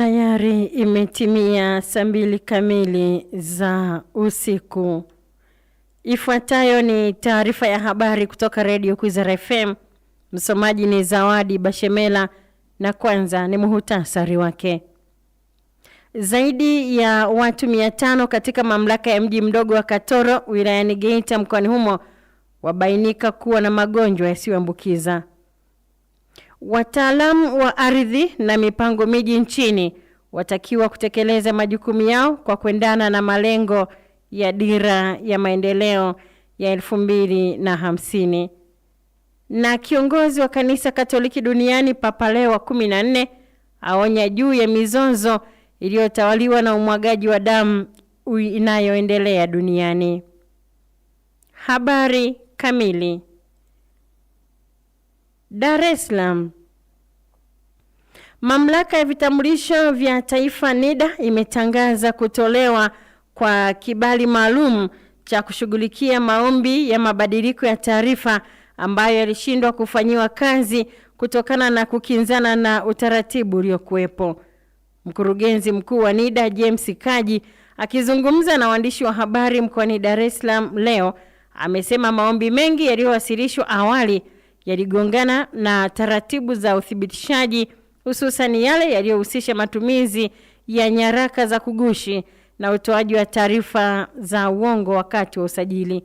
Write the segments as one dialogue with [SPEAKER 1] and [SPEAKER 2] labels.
[SPEAKER 1] Tayari imetimia saa mbili kamili za usiku. Ifuatayo ni taarifa ya habari kutoka Redio Kwizera FM. Msomaji ni Zawadi Bashemela na kwanza ni muhutasari wake. Zaidi ya watu mia tano katika mamlaka ya mji mdogo wa Katoro wilayani Geita mkoani humo wabainika kuwa na magonjwa yasiyoambukiza. Wataalamu wa ardhi na mipango miji nchini watakiwa kutekeleza majukumu yao kwa kuendana na malengo ya dira ya maendeleo ya elfu mbili na hamsini. Na kiongozi wa kanisa Katoliki duniani Papa Leo wa kumi na nne aonya juu ya mizozo iliyotawaliwa na umwagaji wa damu inayoendelea duniani. Habari kamili. Dar es Salaam. Mamlaka ya vitambulisho vya taifa NIDA imetangaza kutolewa kwa kibali maalum cha kushughulikia maombi ya mabadiliko ya taarifa ambayo yalishindwa kufanyiwa kazi kutokana na kukinzana na utaratibu uliokuwepo. Mkurugenzi mkuu wa NIDA James Kaji akizungumza na waandishi wa habari mkoani Dar es Salaam leo amesema maombi mengi yaliyowasilishwa awali yaligongana na taratibu za uthibitishaji, hususan yale yaliyohusisha matumizi ya nyaraka za kugushi na utoaji wa taarifa za uongo wakati wa usajili.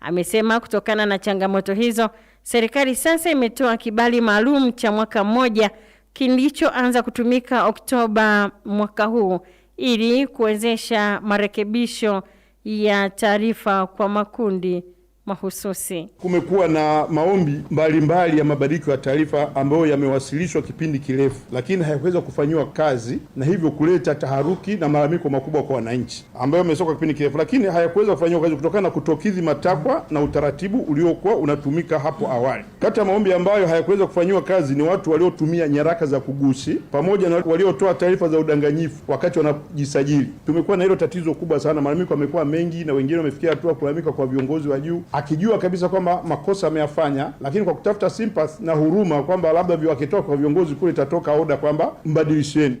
[SPEAKER 1] Amesema kutokana na changamoto hizo, serikali sasa imetoa kibali maalum cha mwaka mmoja kilichoanza kutumika Oktoba mwaka huu ili kuwezesha marekebisho ya taarifa kwa makundi mahususi.
[SPEAKER 2] Kumekuwa na maombi mbalimbali mbali ya mabadiliko ya taarifa ambayo yamewasilishwa kipindi kirefu, lakini hayakuweza kufanyiwa kazi na hivyo kuleta taharuki na malalamiko makubwa kwa wananchi, ambayo yamesoka kipindi kirefu, lakini hayakuweza kufanyiwa kazi kutokana na kutokidhi matakwa na utaratibu uliokuwa unatumika hapo awali. Kati ya maombi ambayo hayakuweza kufanyiwa kazi ni watu waliotumia nyaraka za kugusi pamoja na waliotoa taarifa za udanganyifu wakati wanajisajili. Tumekuwa na hilo tatizo kubwa sana, malalamiko yamekuwa mengi na wengine wamefikia hatua kulalamika kwa viongozi wa juu akijua kabisa kwamba makosa ameyafanya, lakini kwa kutafuta sympathy na huruma kwamba labda wakitoka viongozi kule itatoka oda kwamba mbadilisheni.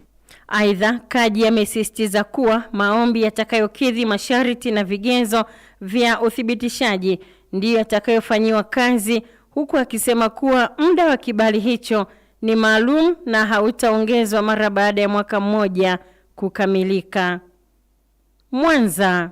[SPEAKER 1] Aidha, Kaji amesisitiza kuwa maombi yatakayokidhi masharti na vigezo vya uthibitishaji ndiyo yatakayofanyiwa kazi, huku akisema kuwa muda wa kibali hicho ni maalum na hautaongezwa mara baada ya mwaka mmoja kukamilika. Mwanza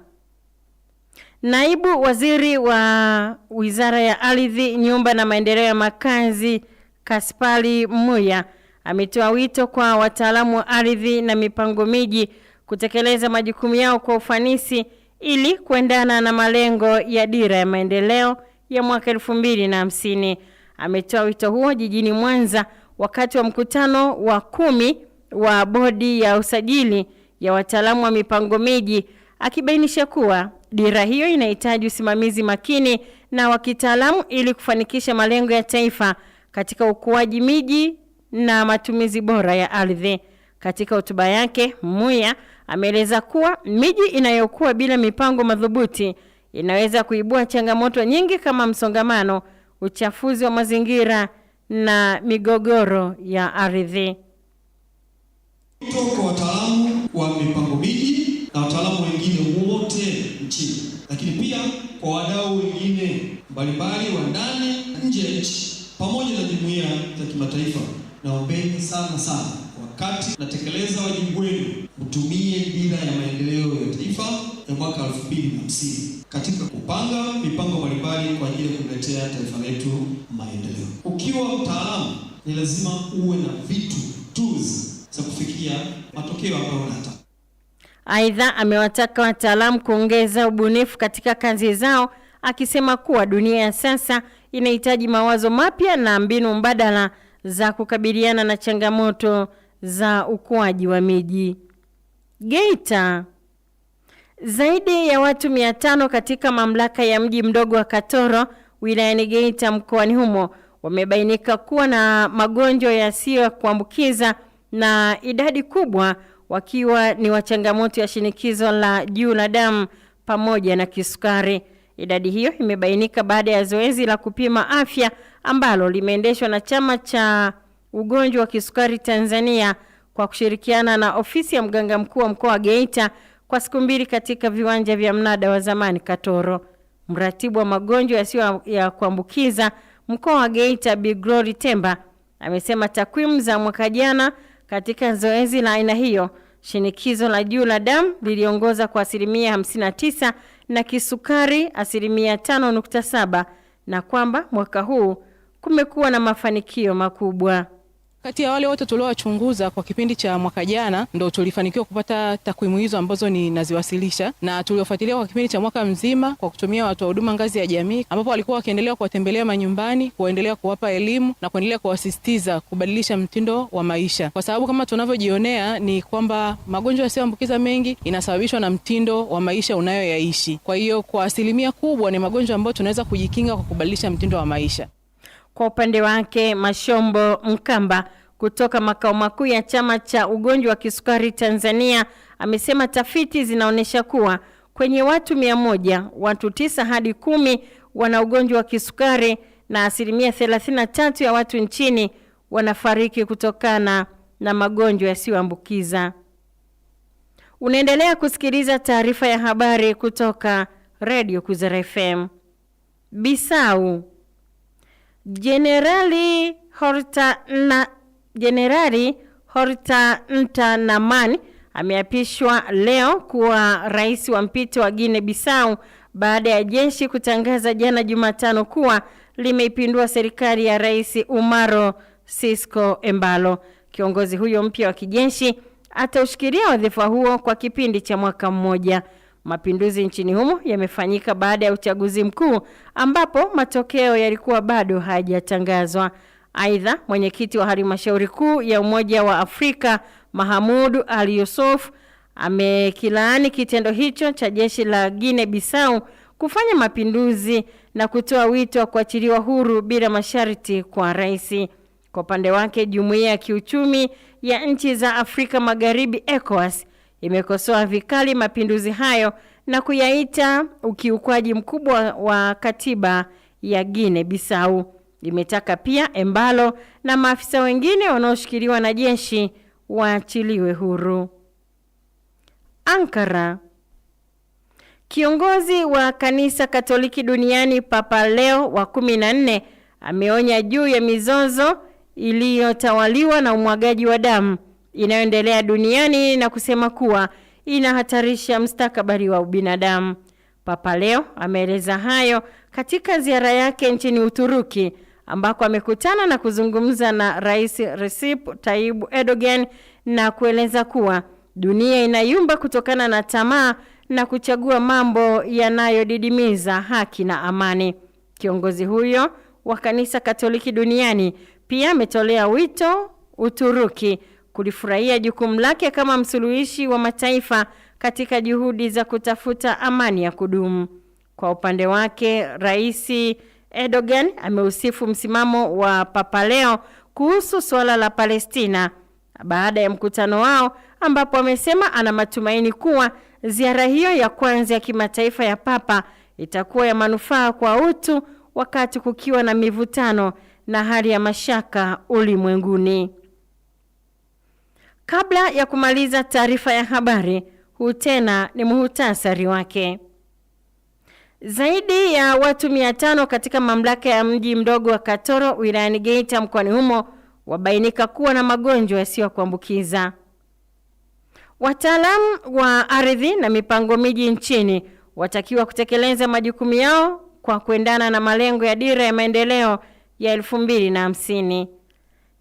[SPEAKER 1] Naibu Waziri wa Wizara ya Ardhi, Nyumba na Maendeleo ya Makazi, kaspali Muya ametoa wito kwa wataalamu wa ardhi na mipango miji kutekeleza majukumu yao kwa ufanisi ili kuendana na malengo ya Dira ya Maendeleo ya mwaka elfu mbili na hamsini. Ametoa wito huo jijini Mwanza wakati wa mkutano wa kumi wa Bodi ya Usajili ya Wataalamu wa Mipango Miji akibainisha kuwa dira hiyo inahitaji usimamizi makini na wa kitaalamu ili kufanikisha malengo ya taifa katika ukuaji miji na matumizi bora ya ardhi. Katika hotuba yake, Muya ameeleza kuwa miji inayokuwa bila mipango madhubuti inaweza kuibua changamoto nyingi kama msongamano, uchafuzi wa mazingira na migogoro ya ardhi.
[SPEAKER 2] Kwa wataalamu wa mipango miji wengine wote nchini, lakini pia kwa wadau wengine mbalimbali wa ndani na nje ya nchi pamoja na jumuiya za kimataifa. Naombeni sana sana, wakati natekeleza wajibu wenu, mtumie dira ya maendeleo ya taifa ya mwaka hamsini katika kupanga mipango mbalimbali kwa ajili ya kuletea taifa letu maendeleo. Ukiwa mtaalamu, ni lazima uwe na vitu tools za kufikia matokeo ambayo
[SPEAKER 1] Aidha, amewataka wataalamu kuongeza ubunifu katika kazi zao, akisema kuwa dunia ya sasa inahitaji mawazo mapya na mbinu mbadala za kukabiliana na changamoto za ukuaji wa miji. Geita, zaidi ya watu tano katika mamlaka ya mji mdogo wa Katoro wilayani Geita mkoani humo wamebainika kuwa na magonjwa yasiyo ya kuambukiza na idadi kubwa wakiwa ni wa changamoto ya shinikizo la juu la damu pamoja na kisukari. Idadi hiyo imebainika baada ya zoezi la kupima afya ambalo limeendeshwa na Chama cha Ugonjwa wa Kisukari Tanzania kwa kushirikiana na ofisi ya mganga mkuu wa mkoa wa Geita kwa siku mbili katika viwanja vya mnada wa zamani Katoro. Mratibu wa magonjwa yasiyo ya kuambukiza mkoa wa Geita, Bi Glory Temba amesema takwimu za mwaka jana katika zoezi la aina hiyo, shinikizo la juu la damu liliongoza kwa asilimia 59 na kisukari asilimia 5.7 na kwamba mwaka huu kumekuwa na mafanikio makubwa.
[SPEAKER 3] Kati ya wale wote tuliowachunguza kwa kipindi cha mwaka jana ndo tulifanikiwa kupata takwimu hizo ambazo ninaziwasilisha, na tuliofuatilia kwa kipindi cha mwaka mzima kwa kutumia watu wa huduma ngazi ya jamii, ambapo walikuwa wakiendelea kuwatembelea manyumbani, kuendelea kuwapa elimu na kuendelea kuwasisitiza kubadilisha mtindo wa maisha, kwa sababu kama tunavyojionea ni kwamba magonjwa yasiyoambukiza mengi inasababishwa na mtindo wa maisha unayoyaishi. Kwa hiyo kwa asilimia kubwa ni magonjwa ambayo tunaweza kujikinga kwa kubadilisha mtindo wa maisha.
[SPEAKER 1] Kwa upande wake Mashombo Mkamba kutoka makao makuu ya chama cha ugonjwa wa kisukari Tanzania amesema tafiti zinaonyesha kuwa kwenye watu mia moja watu tisa hadi kumi wana ugonjwa wa kisukari na asilimia 33 ya watu nchini wanafariki kutokana na magonjwa yasiyoambukiza. Unaendelea kusikiliza taarifa ya habari kutoka Radio Kwizera FM. Bisau Jenerali Horta na Jenerali Horta Naman ameapishwa leo kuwa rais wa mpito wa Guinea Bissau baada ya jeshi kutangaza jana Jumatano kuwa limeipindua serikali ya Rais Umaro Sisco Embalo. Kiongozi huyo mpya wa kijeshi ataushikilia wadhifa huo kwa kipindi cha mwaka mmoja. Mapinduzi nchini humo yamefanyika baada ya uchaguzi mkuu ambapo matokeo yalikuwa bado hayajatangazwa. Aidha, mwenyekiti wa halmashauri kuu ya Umoja wa Afrika Mahamudu Ali Yusuf amekilaani kitendo hicho cha jeshi la Guinea Bissau kufanya mapinduzi na kutoa wito wa kuachiliwa huru bila masharti kwa rais. Kwa upande wake, jumuiya ya kiuchumi ya nchi za Afrika Magharibi ECOWAS imekosoa vikali mapinduzi hayo na kuyaita ukiukwaji mkubwa wa katiba ya Guinea Bissau. Imetaka pia Embalo na maafisa wengine wanaoshikiliwa na jeshi waachiliwe huru. Ankara. Kiongozi wa kanisa Katoliki duniani Papa Leo wa kumi na nne ameonya juu ya mizozo iliyotawaliwa na umwagaji wa damu inayoendelea duniani na kusema kuwa inahatarisha mstakabali wa ubinadamu. Papa Leo ameeleza hayo katika ziara yake nchini Uturuki ambako amekutana na kuzungumza na Rais Recep Tayyip Erdogan na kueleza kuwa dunia inayumba kutokana na tamaa na kuchagua mambo yanayodidimiza haki na amani. Kiongozi huyo wa kanisa Katoliki duniani pia ametolea wito Uturuki kulifurahia jukumu lake kama msuluhishi wa mataifa katika juhudi za kutafuta amani ya kudumu. Kwa upande wake, Rais Erdogan ameusifu msimamo wa Papa Leo kuhusu suala la Palestina baada ya mkutano wao, ambapo amesema ana matumaini kuwa ziara hiyo ya kwanza ya kimataifa ya Papa itakuwa ya manufaa kwa utu wakati kukiwa na mivutano na hali ya mashaka ulimwenguni. Kabla ya kumaliza taarifa ya habari, huu tena ni muhutasari wake. Zaidi ya watu 500 katika mamlaka ya mji mdogo wa Katoro wilayani Geita mkoani humo wabainika kuwa na magonjwa yasiyokuambukiza. Wataalamu wa ardhi na mipango miji nchini watakiwa kutekeleza majukumu yao kwa kuendana na malengo ya dira ya maendeleo ya 2050.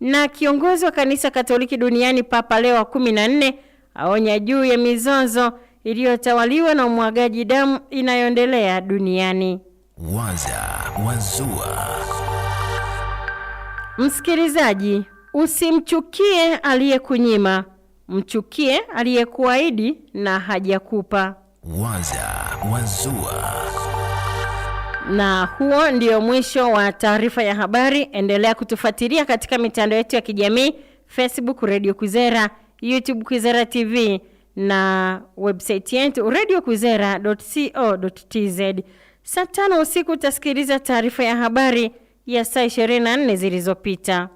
[SPEAKER 1] Na kiongozi wa kanisa Katoliki duniani Papa Leo wa kumi na nne aonya juu ya mizozo iliyotawaliwa na umwagaji damu inayoendelea duniani. Waza Wazua. Msikilizaji, usimchukie aliyekunyima, mchukie aliyekuahidi na hajakupa. Waza Wazua. Na huo ndio mwisho wa taarifa ya habari. Endelea kutufuatilia katika mitandao yetu ya kijamii Facebook Radio Kwizera, YouTube Kwizera TV na website yetu radiokwizera.co.tz. Saa tano usiku utasikiliza taarifa ya habari ya saa 24 zilizopita.